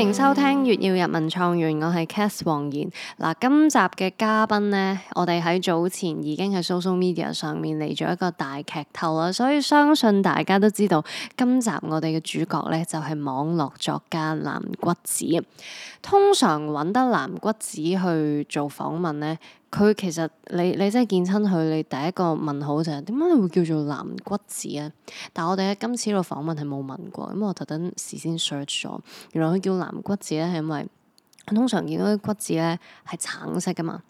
歡迎收聽《越要入文創園》，我係 Cath 王燕。嗱，今集嘅嘉賓呢，我哋喺早前已經喺 social media 上面嚟咗一個大劇透啦，所以相信大家都知道，今集我哋嘅主角呢，就係、是、網絡作家藍橘子。通常揾得藍橘子去做訪問呢。佢其實，你你真係見親佢，你第一個問號就係點解會叫做藍橘子咧？但我哋喺今次呢個訪問係冇問過，咁我特登事先 search 咗，原來佢叫藍橘子咧係因為通常見到啲橘子咧係橙色噶嘛，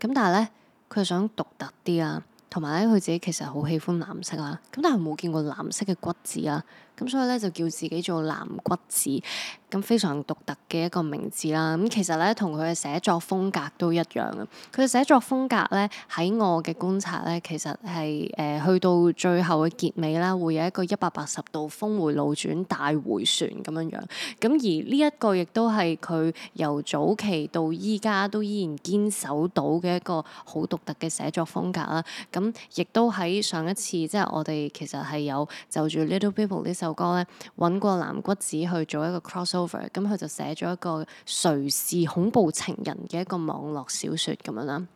咁但係咧佢想獨特啲啊，同埋咧佢自己其實好喜歡藍色啦、啊，咁但係冇見過藍色嘅橘子啊。咁所以咧就叫自己做藍橘子，咁非常獨特嘅一個名字啦。咁其實咧同佢嘅寫作風格都一樣嘅。佢嘅寫作風格咧喺我嘅觀察咧，其實係誒、呃、去到最後嘅結尾啦，會有一個一百八十度峰回路轉大回旋咁樣樣，咁而呢一個亦都係佢由早期到依家都依然堅守到嘅一個好獨特嘅寫作風格啦。咁亦都喺上一次即係、就是、我哋其實係有就住 Little People 首歌咧，揾過藍橘子去做一個 crossover，咁佢就寫咗一個誰是恐怖情人嘅一個網絡小説咁樣啦。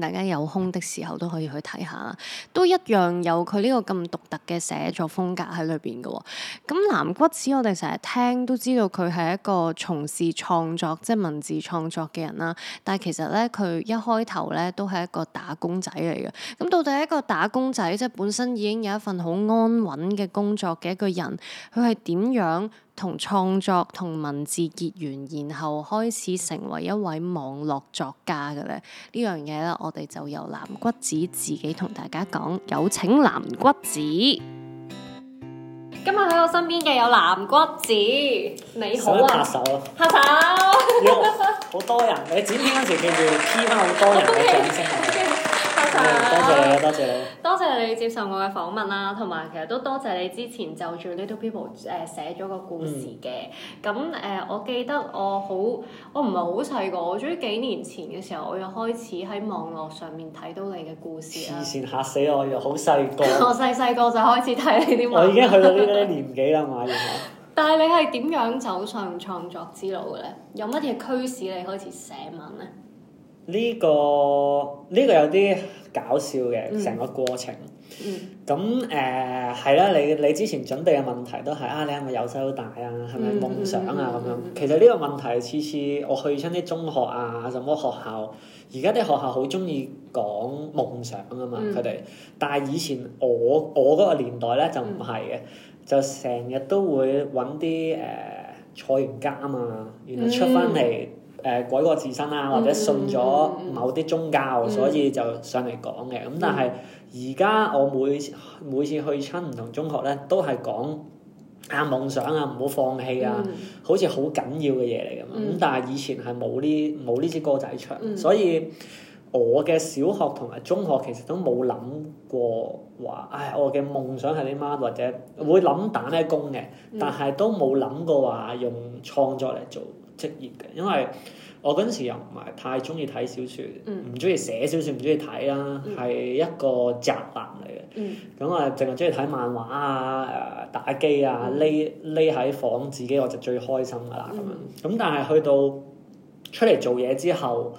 大家有空的時候都可以去睇下，都一樣有佢呢個咁獨特嘅寫作風格喺裏邊㗎喎。咁藍橘子我哋成日聽都知道佢係一個從事創作，即係文字創作嘅人啦。但係其實咧，佢一開頭咧都係一個打工仔嚟嘅。咁到底一個打工仔，即係本身已經有一份好安穩嘅工作嘅一個人，佢係點樣，同創作同文字結緣，然後開始成為一位網絡作家嘅咧，這個、呢樣嘢咧，我哋就由藍橘子自己同大家講。有請藍橘子。今日喺我身邊嘅有藍橘子，你好啊。新手，新拍手。好 多人，你剪片嗰時記住 P 翻好多人嘅掌聲。Okay, okay. 多謝多謝，yeah, thank you, thank you. 多謝你接受我嘅訪問啦，同埋其實都多謝你之前就住 Little People 誒寫咗個故事嘅。咁誒、嗯呃，我記得我好我唔係好細個，我最近幾年前嘅時候，我又開始喺網絡上面睇到你嘅故事，以前吓死我！又好細個， 我細細個就開始睇你啲。我已經去到呢個年紀啦嘛， 但係你係點樣走上創作之路嘅咧？有乜嘢驅使你開始寫文咧？呢、這個呢、這個有啲。搞笑嘅成、嗯、個過程，咁誒係啦。你你之前準備嘅問題都係啊，你係咪由細到大啊，係咪夢想啊咁、嗯嗯嗯、樣？其實呢個問題次次我去親啲中學啊，什麼學校，而家啲學校好鍾意講夢想啊嘛，佢哋、嗯。但係以前我我嗰個年代咧就唔係嘅，就成日、嗯、都會搵啲誒坐完監啊，然後出返嚟、嗯。誒改過自新啦、啊，或者信咗某啲宗教，嗯、所以就上嚟講嘅。咁、嗯、但係而家我每次每次去親唔同中學咧，都係講啊夢想啊唔好放棄啊，嗯、好似好緊要嘅嘢嚟㗎嘛。咁、嗯、但係以前係冇呢冇呢支歌仔唱，嗯、所以我嘅小學同埋中學其實都冇諗過話，唉，我嘅夢想係乜啊？或者會諗打咩工嘅，但係都冇諗過話用創作嚟做。職業嘅，因為我嗰陣時又唔係太中意睇小說，唔中意寫小說，唔中意睇啦，係、嗯、一個宅男嚟嘅。咁、嗯、我淨係中意睇漫畫啊，誒打機啊，匿匿喺房自己我就最開心噶啦咁樣。咁、嗯、但係去到出嚟做嘢之後，誒、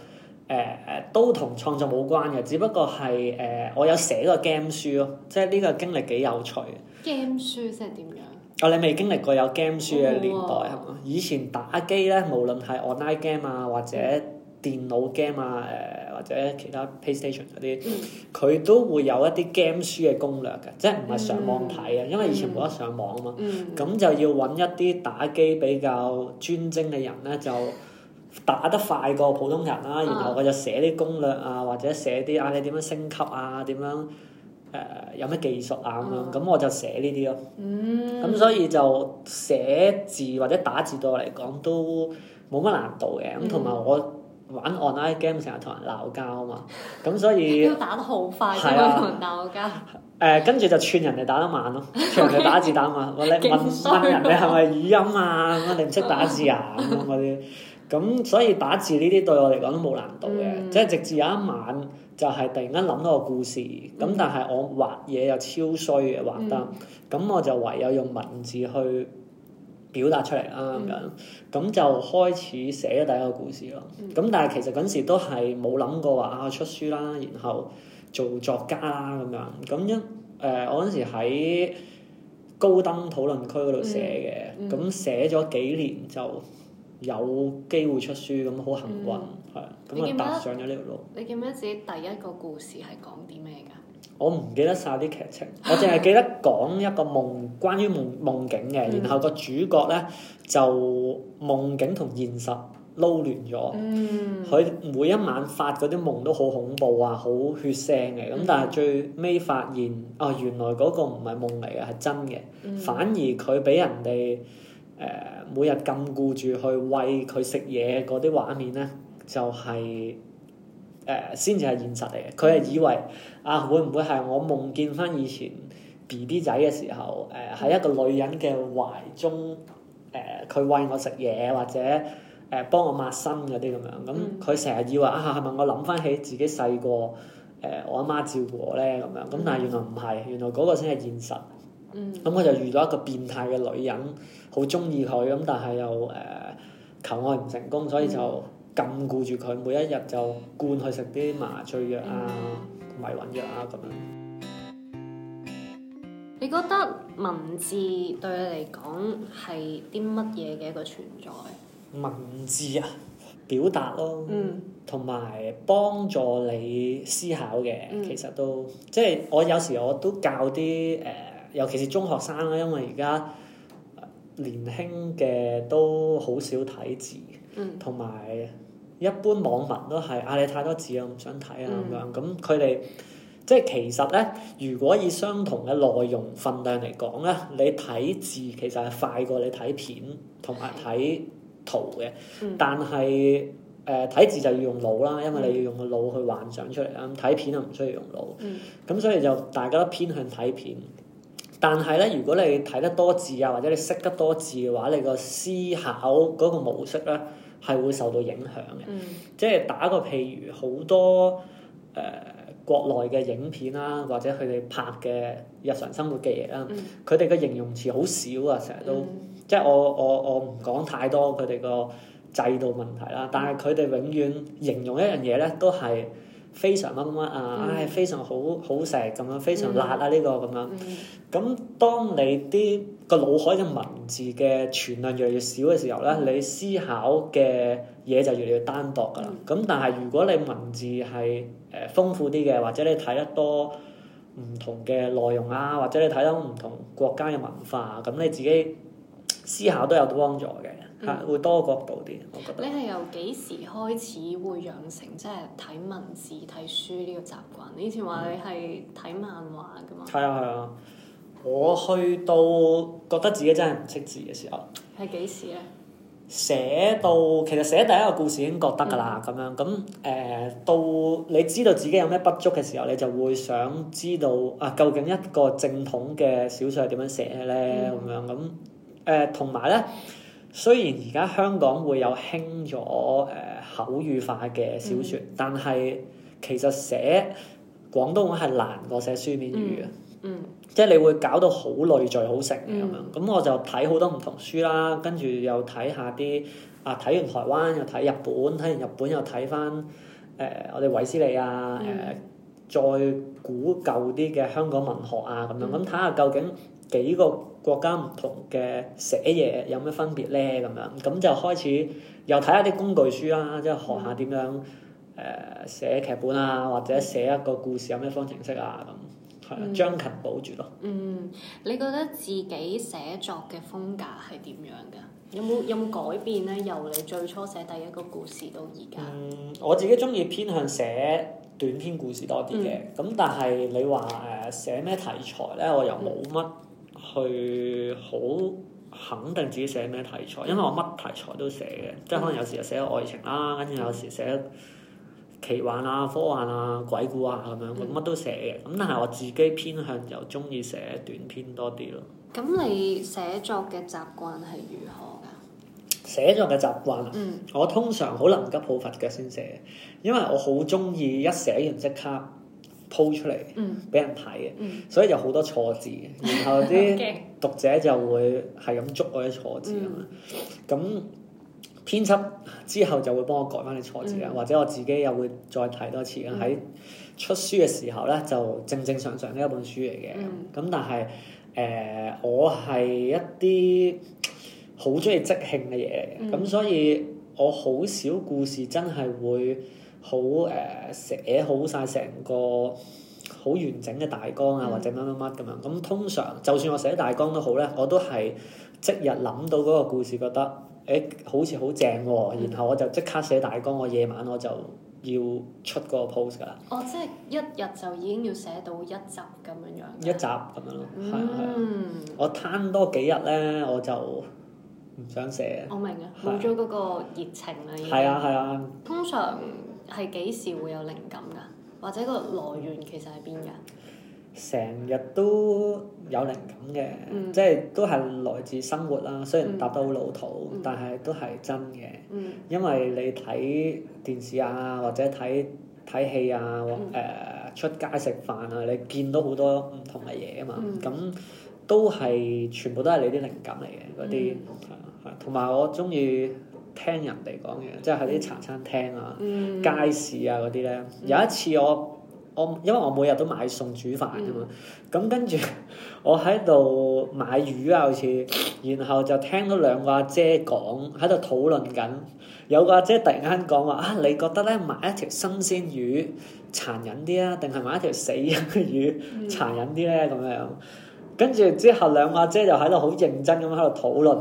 呃、誒都同創作冇關嘅，只不過係誒、呃、我有寫個 game 書咯，即係呢個經歷幾有趣嘅。game 書即係點樣？啊！你未經歷過有 game 書嘅年代係嘛、哦哦？以前打機咧，無論係 online game 啊，或者電腦 game 啊，誒、呃、或者其他 PlayStation 嗰啲，佢、嗯、都會有一啲 game 書嘅攻略嘅，即係唔係上網睇啊，嗯、因為以前冇得上網啊嘛。咁、嗯、就要揾一啲打機比較專精嘅人咧，就打得快過普通人啦、啊。嗯、然後佢就寫啲攻略啊，或者寫啲啊你點樣升級啊，點樣。誒有咩技術啊咁樣，咁、嗯、我就寫呢啲咯。咁、嗯、所以就寫字或者打字對我嚟講都冇乜難度嘅。咁同埋我玩 online game 成日同人鬧交啊嘛。咁所以都打得好快、啊，成日同人鬧交。誒、呃，跟住就串人哋打得慢咯，串人哋打字打得慢，我哋 Okay, 問壞問人哋係咪語音啊？我哋唔識打字啊咁樣嗰啲。 咁所以打字呢啲對我嚟講都冇難度嘅，嗯、即係直至有一晚就係、是、突然間諗到個故事，咁、嗯、但係我畫嘢又超衰嘅畫得，咁、嗯、我就唯有用文字去表達出嚟啦咁樣，咁、嗯、就開始寫咗第一個故事咯。咁、嗯、但係其實嗰陣時都係冇諗過話啊出書啦，然後做作家啦咁樣。咁一……誒、呃、我嗰陣時喺高登討論區嗰度寫嘅，咁寫咗幾年就。嗯嗯嗯有機會出書咁好幸運，係咁啊，踏上咗呢條路。嗯、你記唔記得自己第一個故事係講啲咩㗎？我唔記得晒啲劇情， 我淨係記得講一個夢，關於夢夢境嘅，嗯、然後個主角咧就夢境同現實撈亂咗。佢、嗯、每一晚發嗰啲夢都好恐怖啊，好血腥嘅。咁但係最尾發現，啊、嗯哦、原來嗰個唔係夢嚟嘅，係真嘅。嗯、反而佢俾人哋。誒、呃、每日禁錮住去餵佢食嘢嗰啲畫面咧，就係誒先至係現實嚟嘅。佢係以為啊，會唔會係我夢見返以前 BB 仔嘅時候，誒、呃、喺一個女人嘅懷中，誒、呃、佢餵我食嘢或者誒、呃、幫我抹身嗰啲咁樣。咁佢成日以為啊，係咪我諗返起自己細個誒我阿媽照顧我咧咁樣？咁但係原來唔係，原來嗰個先係現實。咁我、嗯、就遇到一個變態嘅女人，好鍾意佢咁，但係又誒、呃、求愛唔成功，所以就禁錮住佢，每一日就灌佢食啲麻醉藥啊、迷魂藥啊咁樣。你覺得文字對你嚟講係啲乜嘢嘅一個存在？文字啊，表達咯，同埋、嗯、幫助你思考嘅，嗯、其實都即係我有時我都教啲誒。呃尤其是中學生啦，因為而家年輕嘅都好少睇字，同埋、嗯、一般網民都係啊你太多字，我唔想睇啊咁樣。咁佢哋即係其實咧，如果以相同嘅內容分量嚟講咧，你睇字其實係快過你睇片同埋睇圖嘅。嗯、但係誒睇字就要用腦啦，因為你要用個腦去幻想出嚟啦。咁睇、嗯、片就唔需要用腦，咁、嗯、所以就大家都偏向睇片。但係咧，如果你睇得多字啊，或者你識得多字嘅話，你個思考嗰個模式咧係會受到影響嘅。嗯、即係打個譬如，好多誒、呃、國內嘅影片啦、啊，或者佢哋拍嘅日常生活嘅嘢啦，佢哋嘅形容詞好少啊，成日都、嗯、即係我我我唔講太多佢哋個制度問題啦、啊，嗯、但係佢哋永遠形容一樣嘢咧都係，非常乜乜乜啊，唉、哎，非常好好食咁樣，非常辣啊呢、mm hmm. 呢個咁樣。咁、mm hmm. 當你啲、嗰個腦海嘅文字嘅存量越嚟越少嘅時候呢，你思考嘅嘢就越嚟越單薄㗎啦。咁、mm hmm. 但係如果你文字係誒、呃、豐富啲嘅，或者你睇得多唔同嘅內容啊，或者你睇到唔同國家嘅文化、啊，咁你自己，思考都有幫助嘅，嚇、嗯、會多角度啲。我覺得你係由幾時開始會養成即係睇文字睇書呢個習慣？你以前話你係睇漫畫噶嘛？係、嗯、 啊係啊，我去到覺得自己真係唔識字嘅時候，係幾時呢？寫到其實寫第一個故事已經覺得㗎啦，咁、嗯、樣咁誒、呃、到你知道自己有咩不足嘅時候，你就會想知道啊，究竟一個正統嘅小説係點樣寫咧？咁樣咁。嗯同埋、呃、呢，雖然而家香港會有興咗、呃、口語化嘅小説，嗯、但係其實寫廣東話係難過寫書面語嘅。嗯嗯、即係你會搞到好累贅、好成咁樣。咁我就睇好多唔同書啦，跟住又睇下啲啊，睇完台灣又睇日本，睇完日本又睇返、呃、我哋衛斯理啊，嗯嗯呃、再古舊啲嘅香港文學啊咁樣，咁睇下究竟幾個國家唔同嘅寫嘢有咩分別咧？咁樣咁就開始又睇下啲工具書啦、啊，即、就、係、是、學下點樣誒、嗯呃、寫劇本啊，或者寫一個故事有咩方程式啊咁，嗯、將勤保住將勤補拙咯。嗯，你覺得自己寫作嘅風格係點樣噶？有冇有冇改變咧？由你最初寫第一個故事到而家。嗯，我自己鍾意偏向寫短篇故事多啲嘅，咁、嗯、但係你話誒寫咩題材咧？我又冇乜、嗯。去好肯定自己寫咩題材，因為我乜題材都寫嘅，即係可能有時又寫愛情啦，嗯、跟住有時寫奇幻啊、科幻啊、鬼故啊咁樣，乜都寫嘅。咁但係我自己偏向又中意寫短篇多啲咯。咁你寫作嘅習慣係如何噶？寫作嘅習慣，嗯，我通常好臨急抱佛腳先寫，因為我好中意一寫完即刻，鋪出嚟，俾、嗯、人睇嘅，嗯、所以就好多錯字，然後啲讀者就會係咁捉嗰啲錯字啊嘛。咁、嗯、編輯之後就會幫我改翻啲錯字啦，嗯、或者我自己又會再睇多次啦。喺、嗯、出書嘅時候咧，就正正常常嘅一本書嚟嘅。咁、嗯、但係誒、呃，我係一啲好中意即興嘅嘢，咁、嗯、所以我好少故事真係會。好誒、呃、寫好晒成個好完整嘅大綱啊，或者乜乜乜咁樣。咁通常就算我寫大綱都好咧，我都係即日諗到嗰個故事，覺得誒、欸、好似好正喎，然後我就即刻寫大綱。我夜晚我就要出個 post 㗎啦。哦，即係一日就已經要寫到一集咁樣樣。一集咁樣咯，係啊係啊。我攤多幾日咧，我就唔想寫。我明啊，冇咗嗰個熱情啦已經。係啊係啊。啊啊通常。係幾時會有靈感㗎？或者個來源其實係邊㗎？成日都有靈感嘅，嗯、即係都係來自生活啦。雖然答得好老土，嗯、但係都係真嘅。嗯、因為你睇電視啊，或者睇睇戲啊，誒、嗯呃、出街食飯啊，你見到好多唔同嘅嘢啊嘛。咁、嗯、都係全部都係你啲靈感嚟嘅嗰啲，同埋、嗯嗯、我鍾意。聽人哋講嘅，即係喺啲茶餐廳啊、嗯、街市啊嗰啲咧。有一次我我因為我每日都買餸煮飯啊嘛，咁跟住我喺度買魚啊，好似，然後就聽到兩個阿姐講喺度討論緊，有個阿姐突然間講話啊，你覺得咧買一條新鮮魚殘忍啲啊，定係買一條死人嘅魚殘忍啲咧？咁、嗯、樣，跟住之後兩個阿姐就喺度好認真咁喺度討論。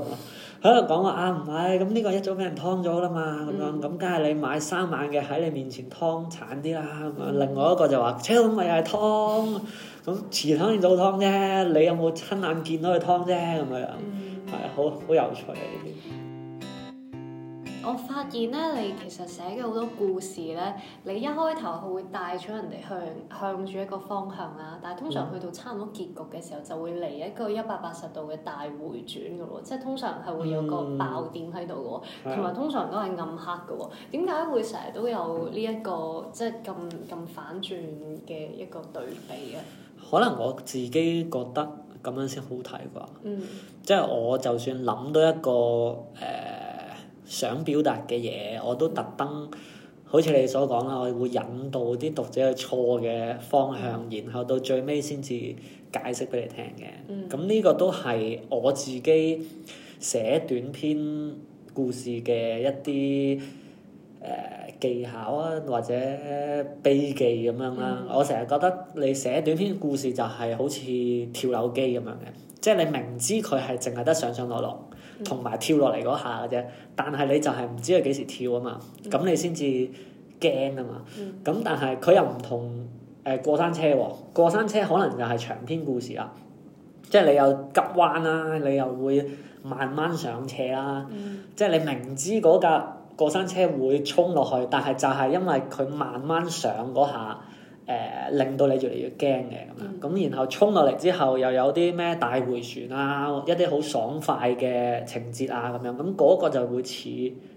喺度講話啊，唔係，咁呢個一早俾人劏咗啦嘛，咁、嗯、樣，咁梗係你買三晚嘅喺你面前劏慘啲啦，咁啊，另外一個就話，唓，咪又係劏，咁遲啲先做早劏啫，你有冇親眼見到佢劏啫，咁樣，係 啊、嗯 嗯， 好好有趣啊呢啲。我發現咧，你其實寫嘅好多故事咧，你一開頭佢會帶住人哋向向住一個方向啦，但係通常去到差唔多結局嘅時候，就會嚟一個一百八十度嘅大迴轉嘅喎，即係通常係會有個爆點喺度嘅喎，同埋、嗯、通常都係暗黑嘅喎。點解會成日都有呢、這、一個、嗯、即係咁咁反轉嘅一個對比啊？可能我自己覺得咁樣先好睇啩，嗯、即係我就算諗到一個誒、呃想表達嘅嘢，我都特登，嗯、好似你所講啦，我會引導啲讀者去錯嘅方向，然後到最尾先至解釋俾你聽嘅。咁呢、嗯、個都係我自己寫短篇故事嘅一啲誒、呃、技巧啊，或者秘技咁樣啦。嗯、我成日覺得你寫短篇故事就係好似跳樓機咁樣嘅，即係你明知佢係淨係得上上落落。同埋跳落嚟嗰下嘅啫，但係你就係唔知佢幾時跳啊嘛，咁、嗯、你先至驚啊嘛，咁、嗯、但係佢又唔同誒、呃、過山車喎、哦，過山車可能就係長篇故事啦，即、就、係、是、你又急彎啦、啊，你又會慢慢上斜啦、啊，即係、嗯、你明知嗰架過山車會衝落去，但係就係因為佢慢慢上嗰下。誒令到你越嚟越驚嘅咁樣，咁、嗯、然後衝落嚟之後又有啲咩大回旋啊，一啲好爽快嘅情節啊咁樣，咁、那、嗰個就會似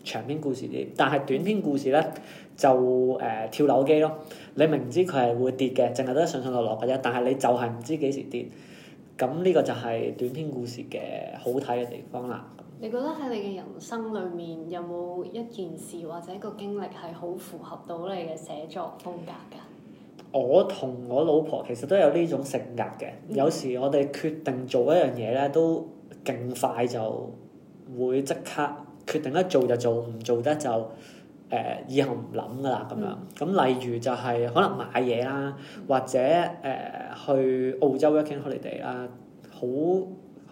長篇故事啲，但係短篇故事咧就誒、呃、跳樓機咯，你明知佢係會跌嘅，淨係得上上落落嘅啫，但係你就係唔知幾時跌，咁呢個就係短篇故事嘅好睇嘅地方啦。你覺得喺你嘅人生裏面有冇一件事或者一個經歷係好符合到你嘅寫作風格㗎？嗯我同我老婆其實都有呢種性格嘅。嗯、有時我哋決定做一樣嘢咧，都勁快就會即刻決定，一做就做，唔做得就誒、呃、以後唔諗㗎啦。咁樣咁、嗯、例如就係、是、可能買嘢啦，或者誒、呃、去澳洲 working holiday 啦，好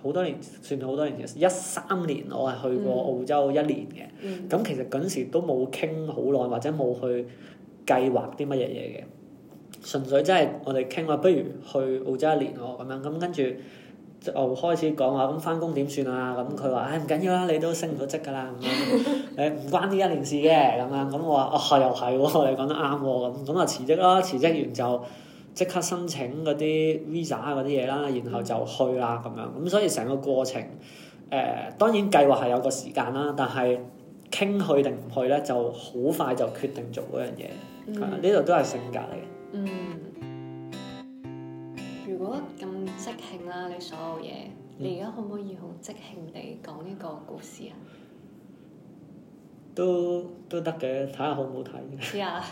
好多年，算好多年前一三年，我係去過澳洲一年嘅。咁、嗯嗯、其實嗰陣時都冇傾好耐，或者冇去計劃啲乜嘢嘢嘅。純粹真係我哋傾話，不如去澳洲一年喎，咁樣咁，跟住就開始講話咁翻工點算啊？咁佢話：唉、哎、唔緊要啦，你都升唔到職㗎啦，誒唔 關呢一年事嘅咁啊。咁我話：哦又係喎，你講得啱喎。咁就辭職啦，辭職完就即刻申請嗰啲 visa 嗰啲嘢啦，然後就去啦咁樣。咁所以成個過程誒、呃，當然計劃係有個時間啦，但係傾去定唔去咧，就好快就決定做嗰樣嘢。呢度、嗯、都係性格嚟嘅。嗯，如果咁即興啦，你所有嘢，你而家可唔可以好即興地講一個故事啊？都都得嘅，睇下好唔好睇先。試下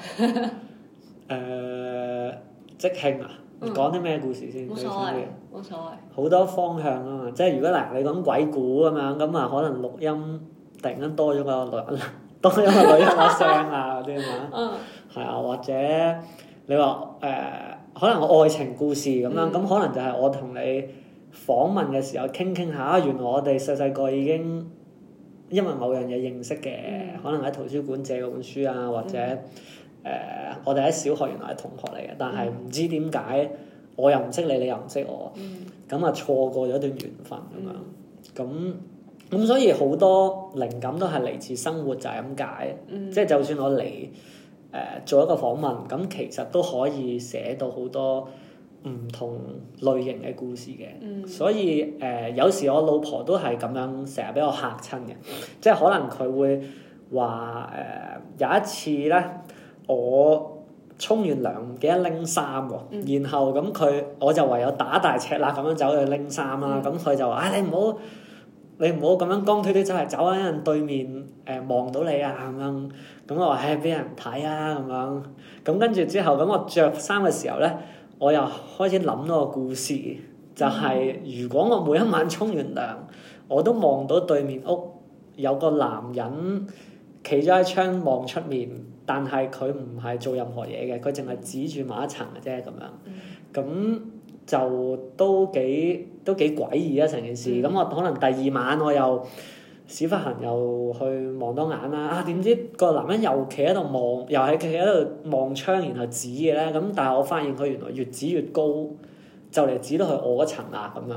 誒，即興啊，講啲咩故事先？冇所謂，冇所謂。好多方向啊嘛，即係如果嗱，你講鬼故啊嘛，咁啊可能錄音突然間多咗個女，多咗個女人把聲啊嗰啲啊嘛。嗯。係啊，或者。你話誒、呃，可能愛情故事咁樣，咁、嗯、可能就係我同你訪問嘅時候傾傾下，原來我哋細細個已經因為某樣嘢認識嘅，嗯、可能喺圖書館借嗰本書啊，或者誒、嗯呃，我哋喺小學原來係同學嚟嘅，但係唔知點解我又唔識你，你又唔識我，咁啊、嗯、錯過咗一段緣分咁樣。咁咁、嗯、所以好多靈感都係嚟自生活就，就係咁解。即係就算我嚟做一個訪問，咁其實都可以寫到好多唔同類型嘅故事嘅，嗯、所以誒、呃、有時我老婆都係咁樣，成日俾我嚇親嘅，即係可能佢會話誒、呃、有一次呢，我沖完涼唔記得拎衫喎，嗯、然後咁佢我就唯有打大赤喇咁樣走去拎衫啦，咁佢、嗯、就話：，唉、啊，你唔好。你唔好咁樣光推推走嚟走喺、啊、人對面，誒望到你啊，咁樣，咁我話唉，俾人睇啊，咁樣，咁跟住之後，咁我着衫嘅時候咧，我又開始諗嗰個故事，就係、是、如果我每一晚沖完涼，我都望到對面屋有個男人企咗喺窗望出面，但係佢唔係做任何嘢嘅，佢淨係指住某一層嘅啫，咁樣，咁。嗯就都幾都幾詭異啊成件事，咁、嗯、我可能第二晚我又屎忽痕，發又去望多眼啦，啊點知個男人又企喺度望，又係企喺度望窗，然後指嘅咧，咁、嗯、但係我發現佢原來越指越高，就嚟指到去我一層啊咁樣，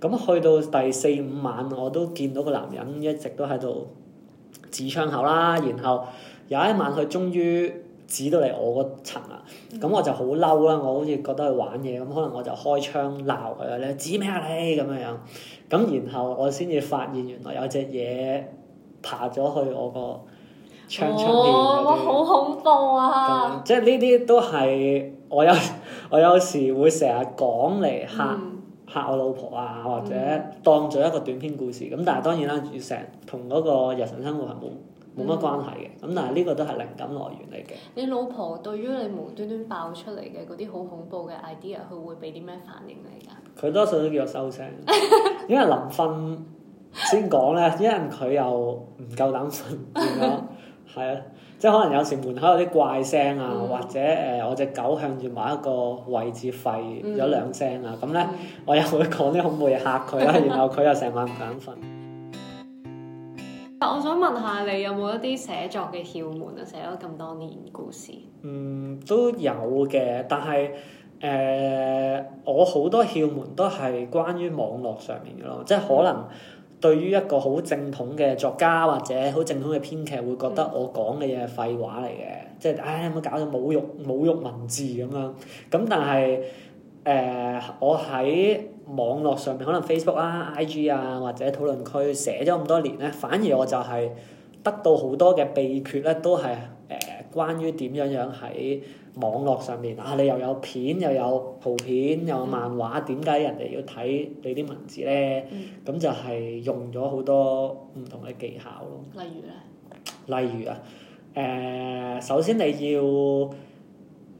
咁、嗯、去到第四五晚我都見到個男人一直都喺度指窗口啦，然後有一晚佢終於。指到嚟我個層啦，咁我就好嬲啦，我好似覺得佢玩嘢，咁可能我就開窗鬧佢咧，指咩啊你咁樣樣？咁然後我先至發現原來有隻嘢爬咗去我個窗窗邊嗰啲。哇、哦！好恐怖啊！樣即係呢啲都係我有我有時會成日講嚟嚇、嗯、嚇我老婆啊，或者當作一個短篇故事。咁、嗯、但係當然啦，成同嗰個日常生活係冇冇乜關係嘅，咁但係呢個都係靈感來源嚟嘅。你老婆對於你無端端爆出嚟嘅嗰啲好恐怖嘅 idea，佢會俾啲咩反應你㗎？佢多數都叫我收聲， 因為臨瞓先講咧，因為佢又唔夠膽瞓，變咗係啊，即係可能有時門口有啲怪聲啊， 或者誒、呃、我隻狗向住某一個位置吠咗兩聲啊，咁咧 我又會講啲恐怖嘢嚇佢啦，然後佢又成晚唔敢瞓。 我想問下你有冇一啲寫作嘅竅門啊？寫咗咁多年故事，嗯，都有嘅。但係誒、呃，我好多竅門都係關於網絡上面嘅咯。嗯、即係可能對於一個好正統嘅作家或者好正統嘅編劇，會覺得我講嘅嘢係廢話嚟嘅。嗯、即係唉，有冇搞到侮辱侮辱文字咁樣？咁但係誒、呃，我喺～、嗯網絡上面可能 Facebook 啊、IG 啊或者討論區寫咗咁多年咧，反而我就係得到好多嘅秘訣咧，都係誒關於點樣樣喺網絡上面啊，你又有片又有圖片又有漫畫，點解、嗯、人哋要睇你啲文字咧？咁、嗯、就係用咗好多唔同嘅技巧咯。例如咧？例如啊，誒、呃、首先你要，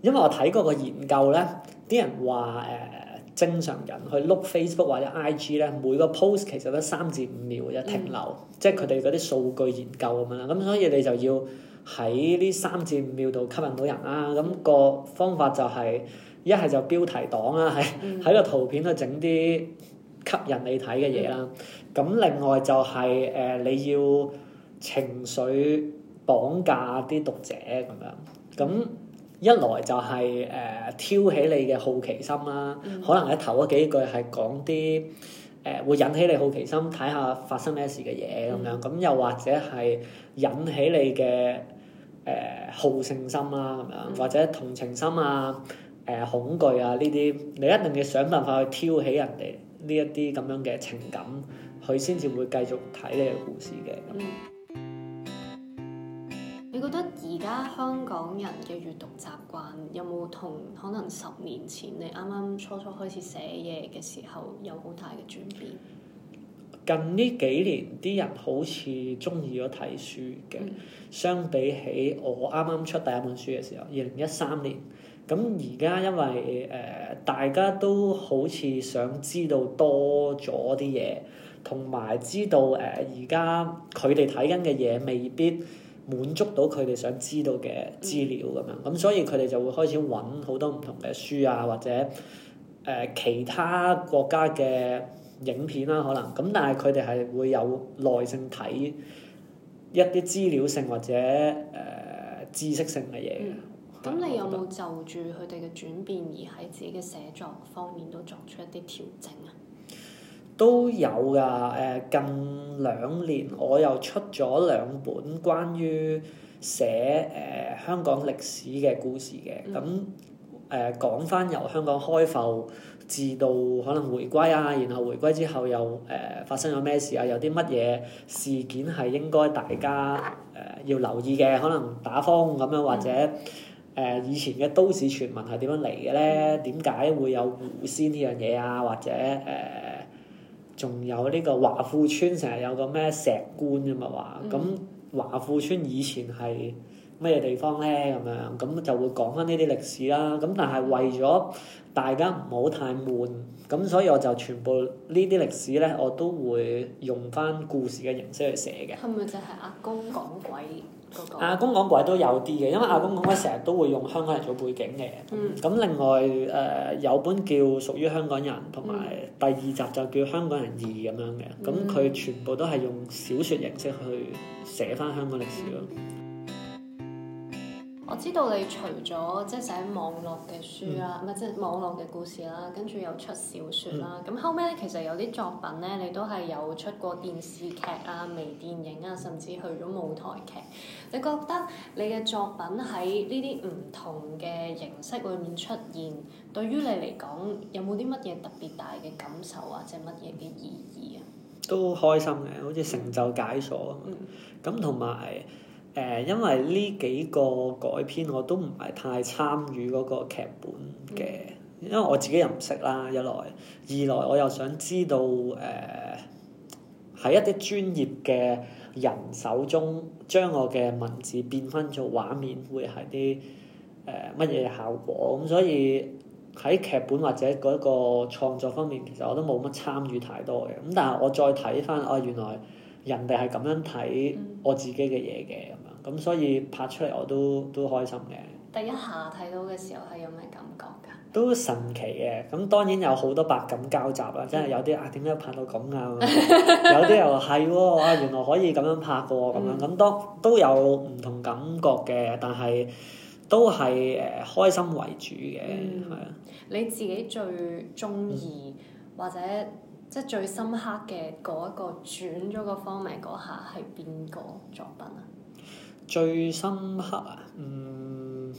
因為我睇過個研究咧，啲人話誒。呃正常人去 look Facebook 或者 IG 咧，每個 post 其實都三至五秒一停留，嗯、即係佢哋嗰啲數據研究咁樣啦。咁所以你就要喺呢三至五秒度吸引到人啦、啊。咁、那個方法就係一係就標題黨啦、啊，喺喺、嗯、 個圖片去整啲吸引你睇嘅嘢啦。咁、嗯、另外就係、是、誒、呃、你要情緒綁架啲讀者咁樣咁。一來就係、是、誒、呃、挑起你嘅好奇心啦、啊，嗯、可能喺頭嗰幾句係講啲誒、呃、會引起你好奇心，睇下發生咩事嘅嘢咁樣，咁又或者係引起你嘅誒、呃、好勝心啦、啊，咁樣、嗯、或者同情心啊、誒、呃、恐懼啊呢啲，你一定要想辦法去挑起人哋呢一啲咁樣嘅情感，佢先至會繼續睇你嘅故事嘅。你覺得而家香港人嘅閱讀習慣有冇同可能十年前你啱啱初初開始寫嘢嘅時候有好大嘅轉變？近呢幾年啲人好似鍾意咗睇書嘅，嗯、相比起我啱啱出第一本書嘅時候，二零一三年。咁而家因為誒、呃、大家都好似想知道多咗啲嘢，同埋知道誒而家佢哋睇緊嘅嘢未必。滿足到佢哋想知道嘅資料咁樣，咁、嗯、所以佢哋就會開始揾好多唔同嘅書啊，或者誒、呃、其他國家嘅影片啦、啊，可能咁，但係佢哋係會有耐性睇一啲資料性或者誒、呃、知識性嘅嘢。咁、嗯、是你有冇就住佢哋嘅轉變而喺自己嘅寫作方面都作出一啲調整啊？都有㗎，誒、呃、近兩年我又出咗兩本關於寫誒香港歷史嘅故事嘅，咁誒講翻由香港開埠至到可能回歸啊，然後回歸之後又誒、呃、發生咗咩事啊，有啲乜嘢事件係應該大家誒、呃、要留意嘅，可能打風咁樣或者誒、呃、以前嘅都市傳聞係點樣嚟嘅咧？點解會有狐仙呢樣嘢啊？或者誒、呃仲有呢個華富村，成日有個咩石棺咁嘛話，咁、嗯、華富村以前係咩地方咧？咁樣咁就會講翻呢啲歷史啦。咁但係為咗大家唔好太悶，咁所以我就全部呢啲歷史咧，我都會用翻故事嘅形式去寫嘅。係咪就係阿公講鬼？個個阿公講鬼都有啲嘅，因為阿公講鬼成日都會用香港人做背景嘅。咁、嗯、另外誒、呃、有本叫屬於香港人，同埋第二集就叫香港人二咁樣嘅。咁佢、嗯、全部都係用小説形式去寫返香港歷史咯。我知道你除咗即係寫網絡嘅書啦，唔係、嗯、即係網絡嘅故事啦，跟住又出小說啦。咁、嗯、後尾咧，其實有啲作品咧，你都係有出過電視劇啊、微電影啊，甚至去咗舞台劇，你覺得你嘅作品喺呢啲唔同嘅形式裏面出現，對於你嚟講有冇啲乜嘢特別大嘅感受啊？或者乜嘢嘅意義啊？都好開心嘅，好似成就解鎖咁。咁同埋。誒，因為呢幾個改編我都唔係太參與嗰個劇本嘅，因為我自己又唔識啦，一來二來我又想知道誒，喺、呃、一啲專業嘅人手中將我嘅文字變翻做畫面會係啲乜嘢效果咁、嗯，所以喺劇本或者嗰一個創作方面，其實我都冇乜參與太多嘅。咁但係我再睇翻，哦、啊、原來，人哋係咁樣睇我自己嘅嘢嘅咁樣，咁、嗯、所以拍出嚟我都都開心嘅。第一下睇到嘅時候係有咩感覺噶？都神奇嘅，咁當然有好多百感交集啦，真係有啲啊點解拍到咁啊？ 有啲又係喎啊，原來可以咁樣拍嘅喎，咁、嗯嗯、樣咁多都有唔同感覺嘅，但係都係誒、呃、開心為主嘅，係啊、嗯。的你自己最中意、嗯、或者？即係最深刻嘅嗰一個轉咗個方位嗰下係邊個作品啊？最深刻啊，嗯，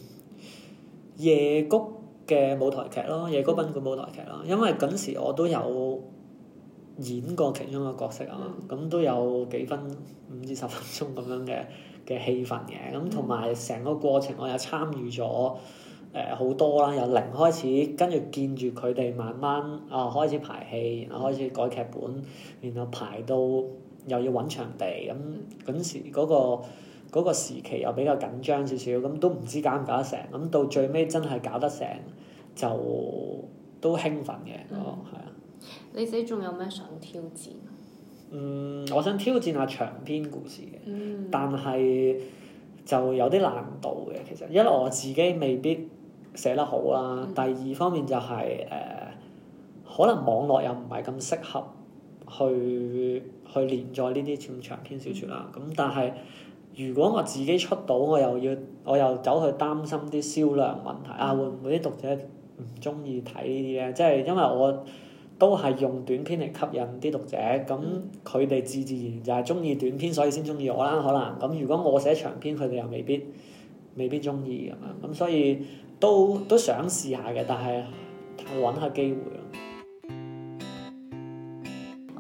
夜谷嘅舞台劇咯，夜谷賓館舞台劇咯，因為嗰時我都有演過其中一個角色啊嘛，咁、嗯、都有幾分五至十分鐘咁樣嘅嘅戲份嘅，咁同埋成個過程我又參與咗。誒好、呃、多啦，由零開始，跟住見住佢哋慢慢啊、哦、開始排戲，然後開始改劇本，然後排到又要揾場地，咁、嗯、嗰、嗯嗯、時嗰、嗰個嗰個時期又比較緊張少少，咁都唔知搞唔搞得成。咁到最尾真係搞得成，就都興奮嘅。哦、嗯，係啊。你自己仲有咩想挑戰？嗯，我想挑戰下長篇故事嘅，嗯、但係就有啲難度嘅。其實，因為我自己未必。寫得好啦、啊，嗯、第二方面就係、是、誒、呃，可能網絡又唔係咁適合去去連載呢啲咁長篇小説啦。咁、嗯、但係如果我自己出到，我又要我又走去擔心啲銷量問題、嗯、啊，會唔會啲讀者唔中意睇呢啲咧？即、就、係、是、因為我都係用短篇嚟吸引啲讀者，咁佢哋自自然就係中意短篇，所以先中意我啦。可能咁，如果我寫長篇，佢哋又未必。未必中意咁樣，咁所以都都想試下嘅，但係揾下機會咯。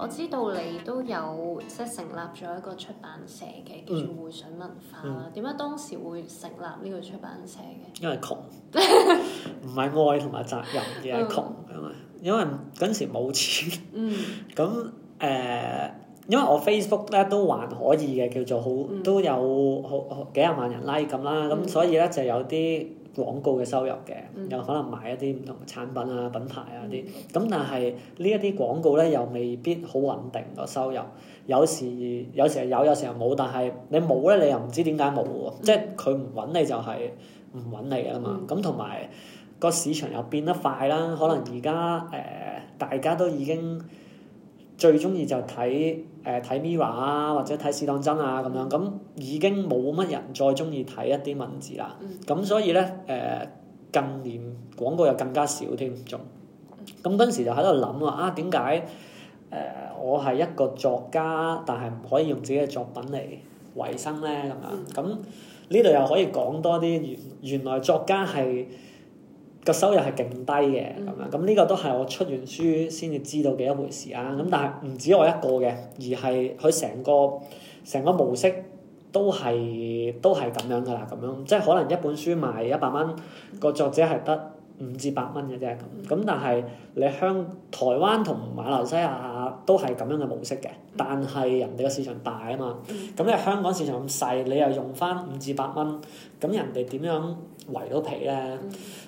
我知道你都有即係成立咗一個出版社嘅，叫做繪想文化。點解、嗯嗯、當時會成立呢個出版社嘅？因為窮，唔係 愛同埋責任，而係窮啊嘛。嗯、因為嗰陣時冇錢。嗯。咁誒、 嗯。嗯因為我 Facebook 咧都還可以嘅，叫做好、嗯、都有好好幾十萬人 like 咁啦，咁、嗯、所以咧就是、有啲廣告嘅收入嘅，嗯、有可能買一啲唔同嘅產品啊、品牌啊啲。咁但係呢一啲廣告咧又未必好穩定個收入，有時有時係有，有時又冇。但係你冇咧，你又唔知點解冇喎，嗯、即係佢唔揾你就係唔揾你嘅啦嘛。咁同埋個市場又變得快啦，可能而家誒大家都已經最中意就睇。誒睇 Mirror 啊，呃、ira，或者睇試當真啊咁樣，咁已經冇乜人再中意睇一啲文字啦。咁所以咧，誒、呃、近年廣告又更加少添，仲咁嗰陣時就喺度諗啊，點解誒我係一個作家，但係唔可以用自己嘅作品嚟維生咧咁樣？咁呢度又可以講多啲原原來作家係。個收入係勁低嘅咁、嗯、樣，咁、這、呢個都係我出完書先至知道嘅一回事啊！咁但係唔止我一個嘅，而係佢成個成個模式都係都係咁樣噶啦，咁樣，即係可能一本書賣一百蚊，個作者係得五至八蚊嘅啫咁，咁但係你香台灣同馬來西亞。都係咁樣嘅模式嘅，但係人哋嘅市場大啊嘛，咁、嗯嗯、你香港市場咁細，你又用翻五至百蚊，咁人哋點樣圍到皮呢？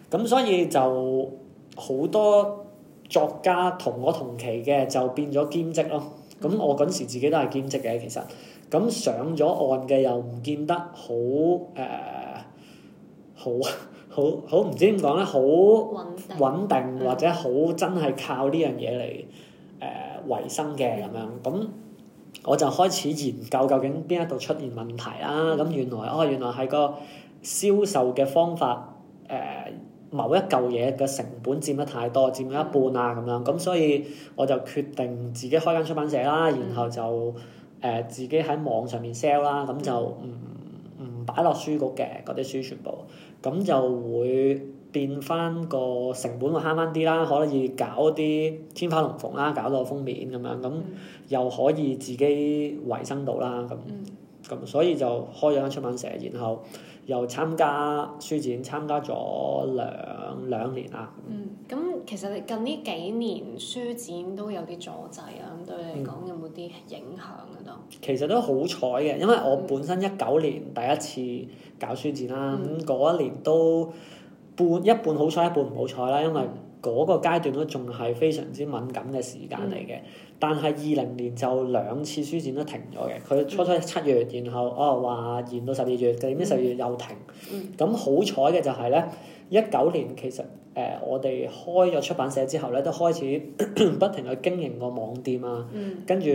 咁、嗯、所以就好多作家同我同期嘅就變咗兼職咯。咁我嗰時自己都係兼職嘅，其實咁上咗岸嘅又唔見得好誒，好好好唔知點講咧，好穩定、嗯、或者好真係靠呢樣嘢嚟誒、呃維生嘅咁樣，咁我就開始研究究竟邊一度出現問題啦。咁原來哦，原來係個銷售嘅方法，誒、呃、某一嚿嘢嘅成本佔得太多，佔咗一半啊咁樣。咁所以我就決定自己開間出版社啦，然後就誒、呃、自己喺網上面 sell 啦。咁就唔唔擺落書局嘅嗰啲書全部，咁就會。變翻個成本會慳翻啲啦，可以搞啲天花龍鳳啦，搞到個封面咁樣咁，樣嗯、又可以自己維生到啦。咁咁、嗯、所以就開咗間出版社，然後又參加書展，參加咗兩兩年啦。咁、嗯、其實近呢幾年書展都有啲阻滯呀，咁對你嚟講有冇啲影響啊？都、嗯嗯嗯嗯、其實都好彩嘅，因為我本身一九年第一次搞書展啦，咁嗰、嗯嗯、一年都。半一半好彩，一半唔好彩啦，因為嗰個階段都仲係非常之敏感嘅時間嚟嘅。嗯、但係二零年就兩次書展都停咗嘅，佢初初七月，然後哦話延到十二月，點知十二月又停。咁好彩嘅就係、是、咧，一九、嗯、年其實。誒、呃，我哋開咗出版社之後咧，都開始 不停去經營個網店啊，嗯、跟住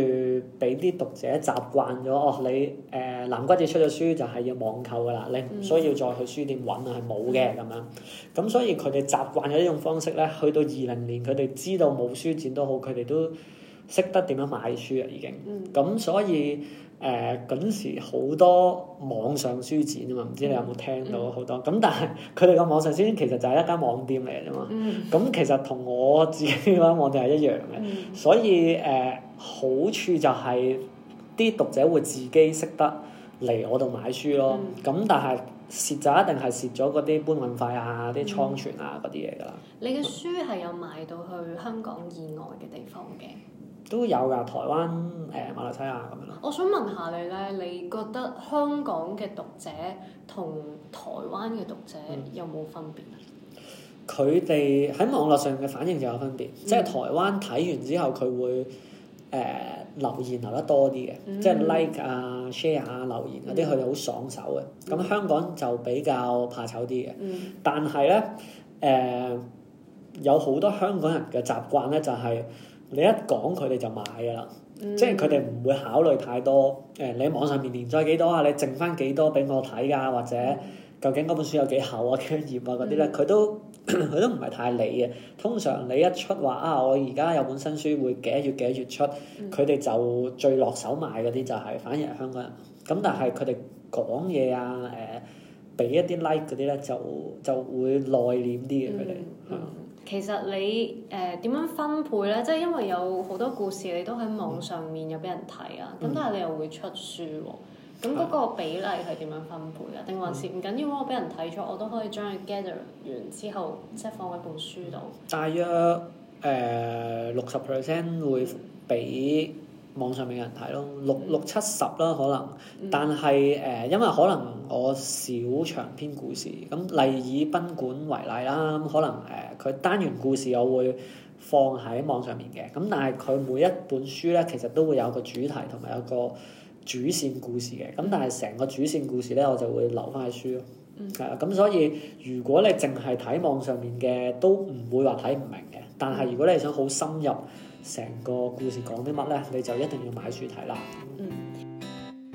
俾啲讀者習慣咗哦，你誒、呃、藍橘子出咗書就係要網購噶啦，你唔需要再去書店揾啊，係冇嘅咁樣。咁所以佢哋習慣咗呢種方式咧，去到二零年佢哋知道冇書展都好，佢哋都識得點樣買書啊已經，咁、嗯、所以。誒嗰、呃、時好多網上書展啊嘛，唔知你有冇聽到好、嗯、多咁？但係佢哋個網上書展其實就係一間網店嚟啫嘛。咁、嗯、其實同我自己嗰間網店係一樣嘅，嗯、所以誒、呃、好處就係啲讀者會自己識得嚟我度買書咯。咁、嗯、但係蝕就一定係蝕咗嗰啲搬運費啊、啲倉存啊嗰啲嘢㗎啦。嗯、你嘅書係有賣到去香港以外嘅地方嘅？都有㗎，台灣、誒、呃、馬來西亞咁樣。我想問下你咧，你覺得香港嘅讀者同台灣嘅讀者有冇分別啊？佢哋喺網絡上嘅反應就有分別，嗯、即係台灣睇完之後佢會誒、呃、留言留得多啲嘅，嗯、即係 like 啊、share 啊、留言嗰啲，佢好、嗯、爽手嘅。咁、嗯、香港就比較怕醜啲嘅，嗯、但係咧誒有好多香港人嘅習慣咧，就係、是。你一講佢哋就買㗎啦，嗯、即係佢哋唔會考慮太多誒，你喺網上面連載幾多啊？你剩翻幾多俾我睇㗎、啊？或者究竟嗰本書有幾厚啊、幾頁啊嗰啲咧，佢、嗯、都佢 都唔係太理嘅。通常你一出話啊，我而家有本新書會幾月幾月出，佢哋、嗯、就最落手買嗰啲就係、是，反而係香港人。咁但係佢哋講嘢啊，誒、呃，俾一啲 like 嗰啲咧，就就會內斂啲嘅佢哋。嗯嗯嗯其實你誒點、呃、樣分配咧？即係因為有好多故事，你都喺網上面有俾人睇啊。咁、嗯、但係你又會出書喎。咁嗰個比例係點樣分配啊？定還是唔緊要？嗯、我俾人睇咗，我都可以將佢 gather 完之後，即係、嗯、放喺本書度。大約誒六十 percent 會俾網上面嘅人睇咯，六六七十啦可能，但係誒、呃，因為可能我少長篇故事，咁例以賓館為例啦，咁可能誒佢、呃、單元故事我會放喺網上面嘅，咁但係佢每一本書咧，其實都會有個主題同埋有個主線故事嘅，咁但係成個主線故事咧，我就會留翻喺書咯，係、嗯、啊，咁所以如果你淨係睇網上面嘅，都唔會話睇唔明嘅，但係如果你想好深入。成個故事講啲乜呢？你就一定要買書睇啦。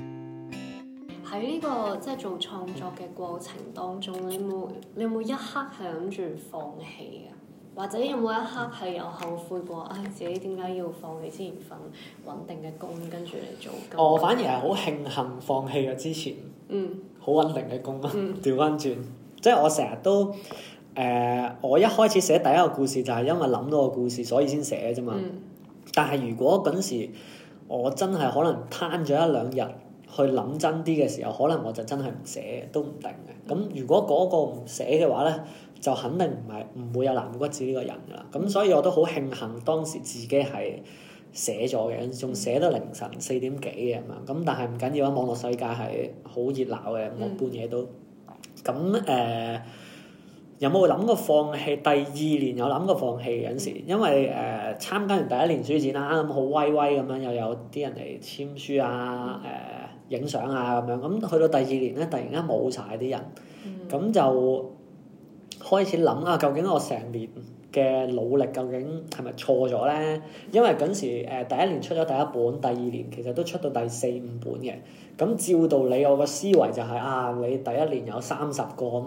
喺呢、嗯呢個即係、就是、做創作嘅過程當中，你冇你冇一刻係諗住放棄啊？或者有冇一刻係有後悔過？唉、啊，自己點解要放棄之前份穩定嘅工，跟住嚟做？我、哦、反而係好慶幸放棄咗之前，嗯，好穩定嘅工啊，調翻轉，即係、就是、我成日都。誒、呃，我一開始寫第一個故事就係、是、因為諗到個故事，所以先寫嘅啫嘛。嗯、但係如果嗰時我真係可能攤咗一兩日去諗真啲嘅時候，可能我就真係唔寫都唔定嘅。咁、嗯、如果嗰個唔寫嘅話咧，就肯定唔係唔會有藍橘子呢個人噶啦。咁所以我都好慶幸當時自己係寫咗嘅，仲寫到凌晨四點幾嘅嘛。咁、嗯、但係唔緊要啊，網絡世界係好熱鬧嘅，冇半夜都。咁誒、嗯。有冇諗過放棄？第二年有諗過放棄，有陣時，嗯、因為誒、呃、參加完第一年書展啦，啱啱好威威咁樣，又有啲人嚟簽書啊、誒影相啊咁樣。咁去到第二年咧，突然間冇晒啲人，咁、嗯、就開始諗啊，究竟我成年嘅努力究竟係咪錯咗咧？因為嗰陣時、呃、第一年出咗第一本，第二年其實都出到第四五本嘅。咁照道理我個思維就係、是、啊，你第一年有三十個咁，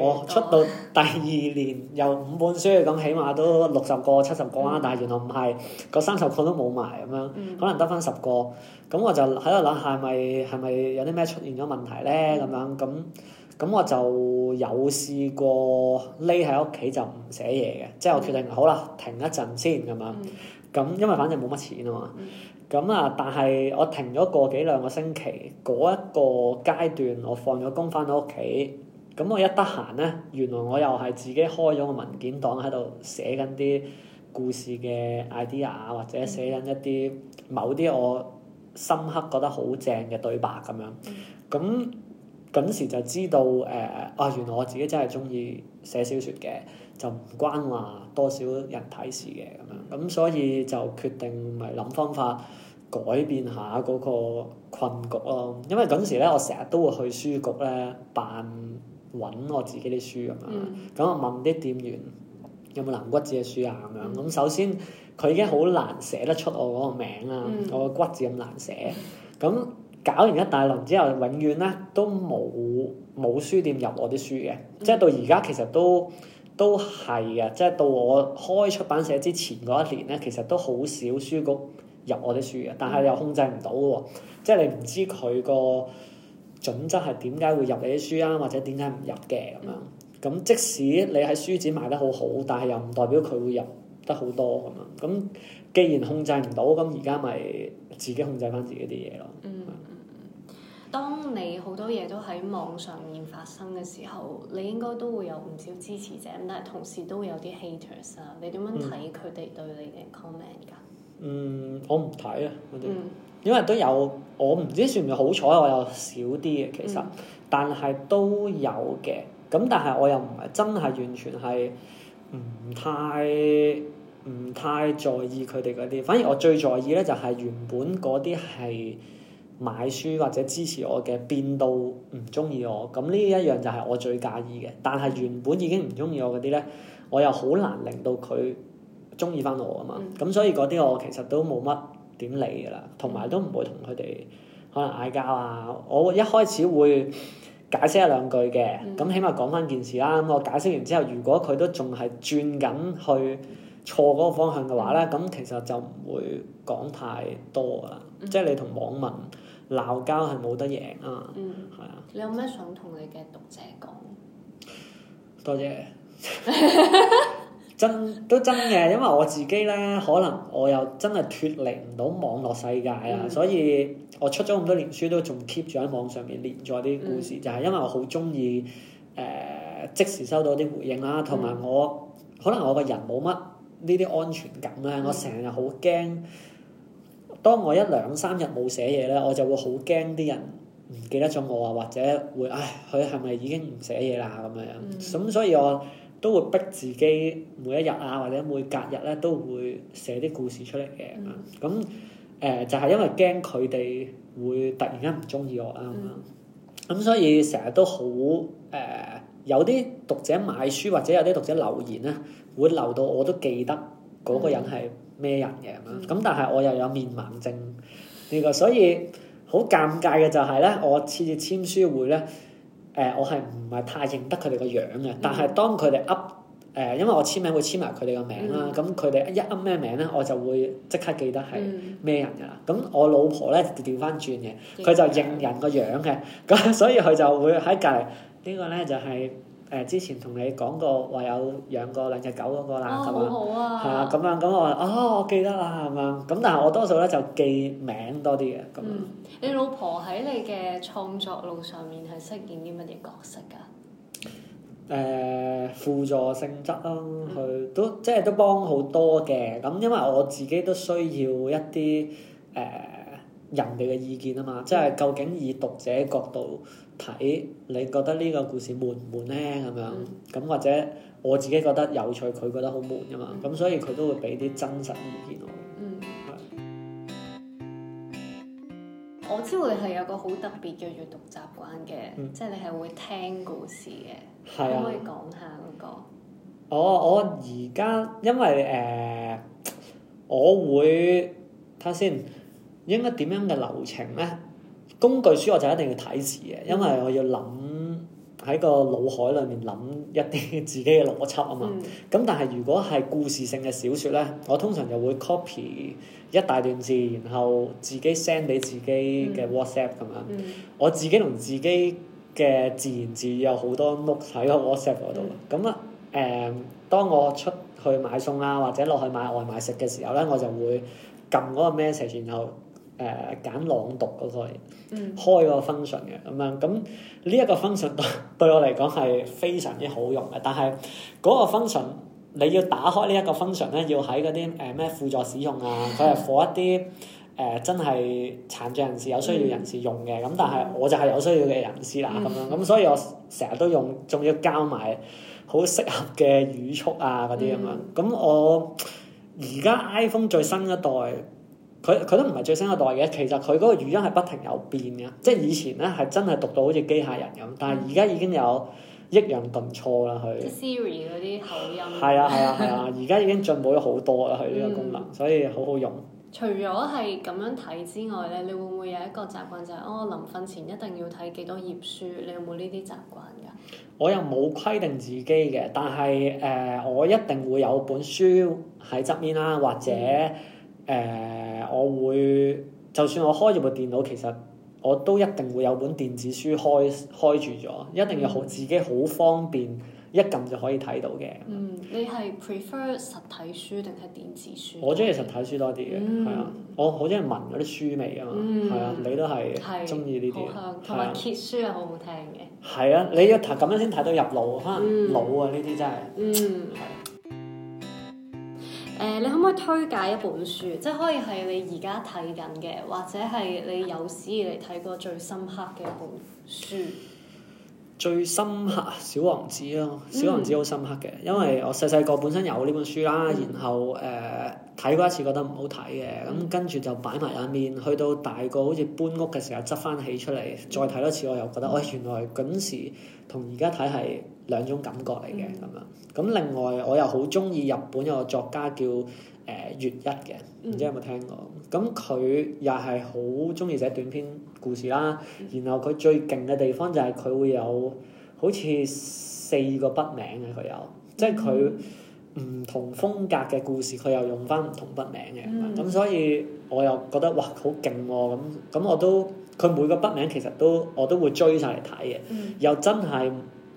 我出到第二年有五本書咁，起碼都六十個七十個啊。嗯、但係原來唔係，個三十個都冇埋咁樣，嗯、可能得返十個。咁我就喺度諗係咪係咪有啲咩出現咗問題咧？咁、嗯、樣咁。咁我就有試過匿喺屋企就唔寫嘢嘅，即係我決定、嗯、好啦，停一陣先咁樣。咁、嗯、因為反正冇乜錢啊嘛。咁啊、嗯，但係我停咗個幾兩個星期，嗰一個階段我放咗工翻到屋企，咁我一得閒咧，原來我又係自己開咗個文件檔喺度寫緊啲故事嘅 idea 啊，或者寫緊一啲某啲我深刻覺得好正嘅對白咁樣，咁、嗯。嗯嗯。嗰時就知道誒、呃、啊，原來我自己真係中意寫小説嘅，就唔關話多少人睇事嘅咁樣。咁所以就決定咪諗方法改變下嗰個困局咯。因為嗰時咧，我成日都會去書局咧扮揾我自己啲書咁樣。咁、嗯、我問啲店員有冇《藍橘子》嘅書啊？咁樣。咁首先佢已經好難寫得出我嗰個名啦，嗯、我個橘字咁難寫。咁搞完一大輪之後，永遠咧都冇冇書店入我啲書嘅，即係到而家其實都都係嘅，即係到我開出版社之前嗰一年咧，其實都好少書局入我啲書嘅。但係又控制唔到喎，即係你唔知佢個準則係點解會入你啲書啊，或者點解唔入嘅咁樣。咁即使你喺書展賣得好好，但係又唔代表佢會入得好多咁樣。咁既然控制唔到，咁而家咪自己控制返自己啲嘢咯。嗯當你好多嘢都喺網上面發生嘅時候，你應該都會有唔少支持者，但係同時都會有啲 haters 啊。你點樣睇佢哋對你嘅 comment 噶？嗯，我唔睇啊，我、嗯、因為都有，我唔知算唔算好彩，我又少啲嘅。其實，嗯、但係都有嘅。咁但係我又唔係真係完全係唔太唔太在意佢哋嗰啲。反而我最在意咧就係原本嗰啲係。買書或者支持我嘅變到唔中意我，咁呢一樣就係我最介意嘅。但係原本已經唔中意我嗰啲呢，我又好難令到佢中意翻我啊嘛。咁、嗯、所以嗰啲我其實都冇乜點理噶啦，同埋都唔會同佢哋可能嗌交啊。我一開始會解釋一兩句嘅，咁、嗯、起碼講翻件事啦。咁我解釋完之後，如果佢都仲係轉緊去錯嗰個方向嘅話呢，咁其實就唔會講太多噶啦。嗯、即係你同網民鬧交係冇得贏啊！係、嗯、啊，你有咩想同你嘅讀者講？多謝， 真都真嘅，因為我自己咧，可能我又真係脱離唔到網絡世界啊，嗯、所以我出咗咁多年書都仲 keep 住喺網上面連載啲故事，就係、嗯、因為我好中意誒即時收到啲回應啦，同埋我、嗯、可能我個人冇乜呢啲安全感啊，我成日好驚。嗯當我一兩三日冇寫嘢咧，我就會好驚啲人唔記得咗我啊，或者會唉，佢係咪已經唔寫嘢啦咁樣？咁、嗯、所以我都會逼自己每一日啊，或者每隔日咧都會寫啲故事出嚟嘅。咁誒、嗯呃、就係、是、因為驚佢哋會突然間唔中意我啦。咁、嗯、所以成日都好誒、呃，有啲讀者買書或者有啲讀者留言咧，會留到我都記得嗰個人係、嗯。咩人嘅咁，咁、嗯、但係我又有面盲症呢、呢個，所以好尷尬嘅就係咧，我次次簽書會咧，誒、呃、我係唔係太認得佢哋個樣嘅，嗯、但係當佢哋噏誒，因為我簽名會簽埋佢哋個名啦，咁佢哋一噏咩名咧，我就會即刻記得係咩人噶啦，咁、嗯、我老婆咧調翻轉嘅，佢就認人個樣嘅，咁、嗯、 所以佢就會喺隔離呢個咧就係、係。誒、呃、之前同你講過話有養過兩隻狗嗰個啦，咁樣係啊，咁、啊、樣咁我話啊、哦，我記得啦，係嘛？咁但係我多數咧就記名多啲嘅咁。你老婆喺你嘅創作路上面係飾演啲乜嘢角色㗎？誒、呃，輔助性質啦、啊，去、嗯、都即係都幫好多嘅。咁因為我自己都需要一啲誒、呃、人哋嘅意見啊嘛，即係究竟以讀者角度。睇你覺得呢個故事悶唔悶呢？咁、嗯、樣咁或者我自己覺得有趣，佢覺得好悶噶嘛？咁、嗯、所以佢都會俾啲真實意見我。嗯，係。我知你係有個好特別嘅閱讀習慣嘅，嗯、即係你係會聽故事嘅。係啊，可以講下嗰、嗰個。哦，我而家因為誒、呃，我會睇下先，應該點樣嘅流程呢？工具書我就一定要睇字嘅，因為我要諗喺個腦海裏面諗一啲自己嘅邏輯啊嘛。咁、嗯、但係如果係故事性嘅小説咧，我通常就會 copy 一大段字，然後自己 send 俾自己嘅 WhatsApp 咁、嗯、樣。嗯、我自己同自己嘅自言自語有好多 look 喺個 WhatsApp 嗰度。咁啊、嗯，誒、嗯，當我出去買餸啊，或者落去買外賣食嘅時候咧，我就會撳嗰個 message，然後。誒揀、呃、朗讀嗰、那個、嗯、開個 function 嘅咁樣，咁呢一個 function 對我嚟講係非常之好用嘅，但係嗰個 function 你要打開呢一個 function 咧，要喺嗰啲誒咩輔助使用啊，佢係 for 一啲誒、呃、真係殘障人士有需要人士用嘅，咁、嗯、但係我就係有需要嘅人士啦，咁、嗯、樣咁所以我成日都用，仲要教埋好適合嘅語速啊嗰啲咁樣，咁、嗯嗯、我而家 iPhone 最新一代。佢佢都唔係最新一代嘅，其實佢嗰個語音係不停有變嘅，即係以前咧係真係讀到好似機械人咁，但係而家已經有抑揚頓挫啦佢。即係 Siri 嗰啲口音。係啊係啊係啊！而家、啊啊、已經進步咗好多啦，佢呢、嗯、個功能，所以好好用。除咗係咁樣睇之外咧，你會唔會有一個習慣就係、是、哦？臨瞓前一定要睇幾多頁書？你有冇呢啲習慣㗎？我又冇規定自己嘅，但係誒、呃，我一定會有本書喺側邊啦，或者、嗯。誒、呃，我會就算我開咗部電腦，其實我都一定會有本電子書開開住咗，一定要好自己好方便、嗯、一撳就可以睇到嘅。嗯，你係 prefer 實體書定係電子書？我中意實體書多啲嘅，係啊、嗯，我好中意聞嗰啲書味啊嘛，係啊、嗯，你都係中意呢啲，同埋的揭書係好好聽嘅。係啊，你要咁樣先睇到入腦，可能老啊呢啲、嗯、真係。嗯你可唔可以推介一本書？即係可以係你而家睇緊嘅，或者係你有史以嚟睇過最深刻嘅一本書。最深刻《小王子》咯，《小王子》好深刻嘅，嗯、因為我細細個本身有呢本書啦，嗯、然後誒睇、呃、過一次覺得唔好睇嘅，咁跟住就擺埋一面。去到大個好似搬屋嘅時候，執翻起出嚟再睇多次，我又覺得，喂、嗯哎，原來嗰陣時同而家睇係。兩種感覺嚟嘅咁樣咁。另外我又好中意日本有個作家叫誒、呃、乙一嘅，唔知有冇聽過？咁佢又係好中意寫短篇故事啦。嗯、然後佢最勁嘅地方就係佢會有好似四個筆名嘅，佢有，即係佢唔同風格嘅故事佢又用返唔同筆名嘅咁，嗯、所以我又覺得哇，好勁咁。咁我都佢每個筆名其實都我都會追晒嚟睇嘅，嗯、又真係。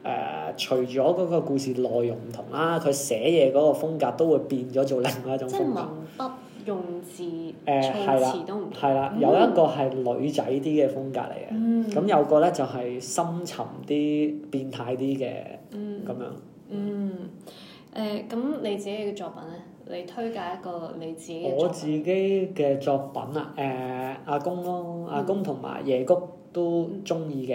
誒、呃，除咗嗰個故事內容唔同啦，佢寫嘢嗰個風格都會變咗做另外一種風格。即文筆用字，措辭，都唔同。係啦，有一個係女仔啲嘅風格嚟嘅，咁、嗯、有個咧就係深沉啲、變態啲嘅，咁、嗯、樣。嗯，誒、嗯，咁、呃、你自己嘅作品咧？你推介一個你自己作品？我自己嘅作品啊，誒、呃，阿公咯，阿公同埋夜曲。都中意嘅，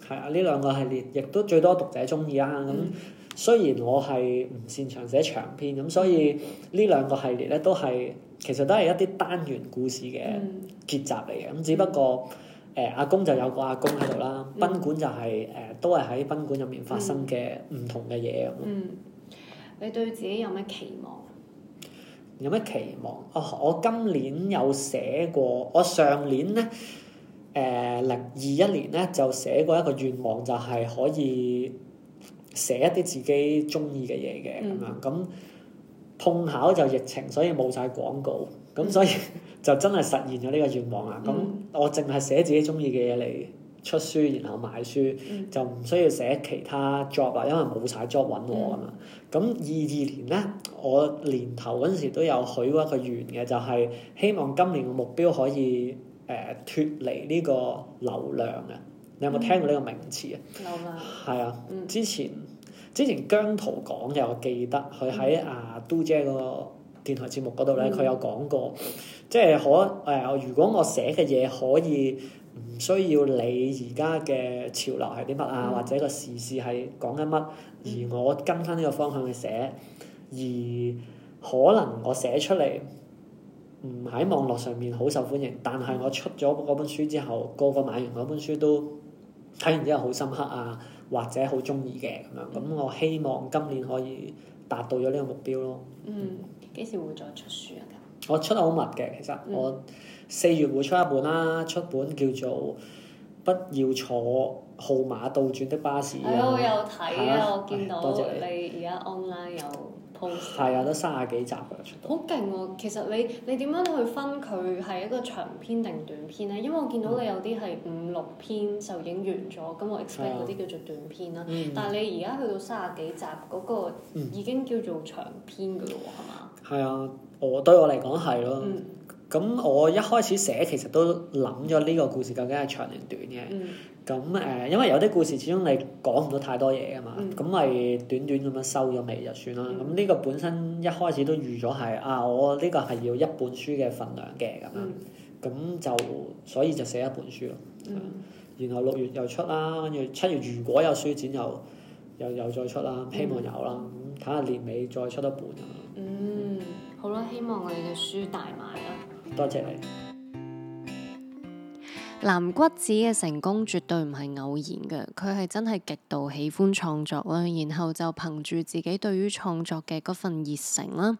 係啊、嗯！呢兩個系列亦都最多讀者中意啊。咁、嗯、雖然我係唔擅長寫長篇，咁所以呢兩個系列咧都係其實都係一啲單元故事嘅結集嚟嘅。咁只不過誒、嗯呃，阿公就有個阿公喺度啦，嗯、賓館就係、是、誒、呃、都係喺賓館入面發生嘅唔同嘅嘢。咁、嗯樣嗯、你對自己有咩期望？有咩期望？哦、oh,，我今年有寫過，我上年咧。誒零二一年咧就寫過一個願望，就係、是、可以寫一啲自己中意嘅嘢嘅咁樣。咁、mm. 碰巧就疫情，所以冇晒廣告。咁、mm. 所以就真係實現咗呢個願望啊！咁、mm. 我淨係寫自己中意嘅嘢嚟出書，然後賣書，mm. 就唔需要寫其他 job 啦，因為冇晒 job 揾我啊嘛。咁二二年咧，我年頭嗰時都有許過一個願嘅，就係、是、希望今年嘅目標可以。誒脫離呢個流量啊！你有冇聽過呢個名詞、嗯、啊？流係啊，之前之前姜濤講嘅我記得佢喺啊、嗯、都姐個電台節目嗰度咧，佢、嗯、有講過，即、就、係、是、可誒、呃，如果我寫嘅嘢可以唔需要理而家嘅潮流係啲乜啊，嗯、或者個時事係講緊乜，嗯、而我跟翻呢個方向去寫，而可能我寫出嚟。唔喺網絡上面好受歡迎，但係我出咗嗰本書之後，個個買完嗰本書都睇完之後好深刻啊，或者好中意嘅咁樣，咁我希望今年可以達到咗呢個目標咯。嗯，幾、嗯、時會再出書啊？我出得好密嘅，其實、嗯、我四月會出一本啦，出本叫做《不要坐號碼倒轉的巴士》啊。哎、呀我有睇啊，啊我見到、哎、多謝你而家 online 有。係啊，得三十幾集嘅好勁喎！其實你你點樣去分佢係一個長篇定短篇咧？因為我見到你有啲係五六篇就影完咗，咁、嗯、我 expect 嗰啲、啊、叫做短篇啦。嗯、但係你而家去到三十幾集，嗰、嗰個已經叫做長篇嘅咯喎，係嘛、嗯？係吧啊，我對我嚟講係咯。嗯咁我一開始寫其實都諗咗呢個故事究竟係長定短嘅。咁誒、嗯嗯，因為有啲故事始終你講唔到太多嘢㗎嘛，咁咪、嗯、短短咁樣收咗尾就算啦。咁呢、嗯、個本身一開始都預咗係啊，我呢個係要一本書嘅份量嘅咁樣，咁、嗯、就所以就寫一本書咯。嗯、然後六月又出啦，跟住七月如果有書展又又又再出啦，希望有啦。咁睇下年尾再出一本啊。嗯，好啦，希望我哋嘅書大賣啦。多謝你。藍橘子嘅成功絕對唔係偶然嘅，佢係真係極度喜歡創作啦，然後就憑住自己對於創作嘅嗰份熱誠啦，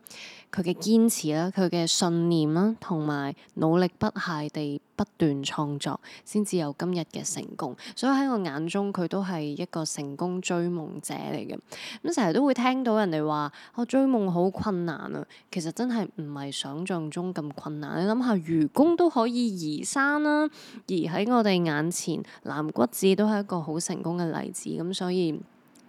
佢嘅堅持啦，佢嘅信念啦，同埋努力不懈地不斷創作，先至有今日嘅成功。所以喺我眼中，佢都係一個成功追夢者嚟嘅。咁成日都會聽到人哋話：「我追夢好困難啊！其實真係唔係想像中咁困難。你諗下，愚公都可以移山啦，啊，而喺我哋眼前，藍橘子都係一個好成功嘅例子。咁所以，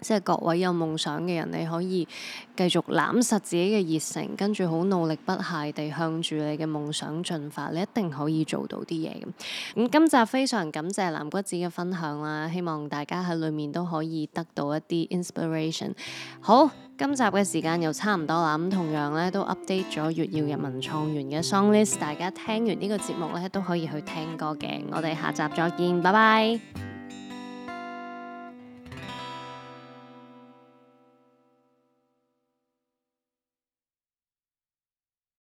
即係各位有夢想嘅人，你可以繼續攬實自己嘅熱誠，跟住好努力不懈地向住你嘅夢想進發，你一定可以做到啲嘢咁。咁、嗯、今集非常感謝藍橘子嘅分享啦，希望大家喺裏面都可以得到一啲 inspiration。好，今集嘅時間又差唔多啦，咁同樣咧都 update 咗粵耀人民創園嘅 song list，大家聽完呢個節目咧都可以去聽歌嘅。我哋下集再見，拜拜。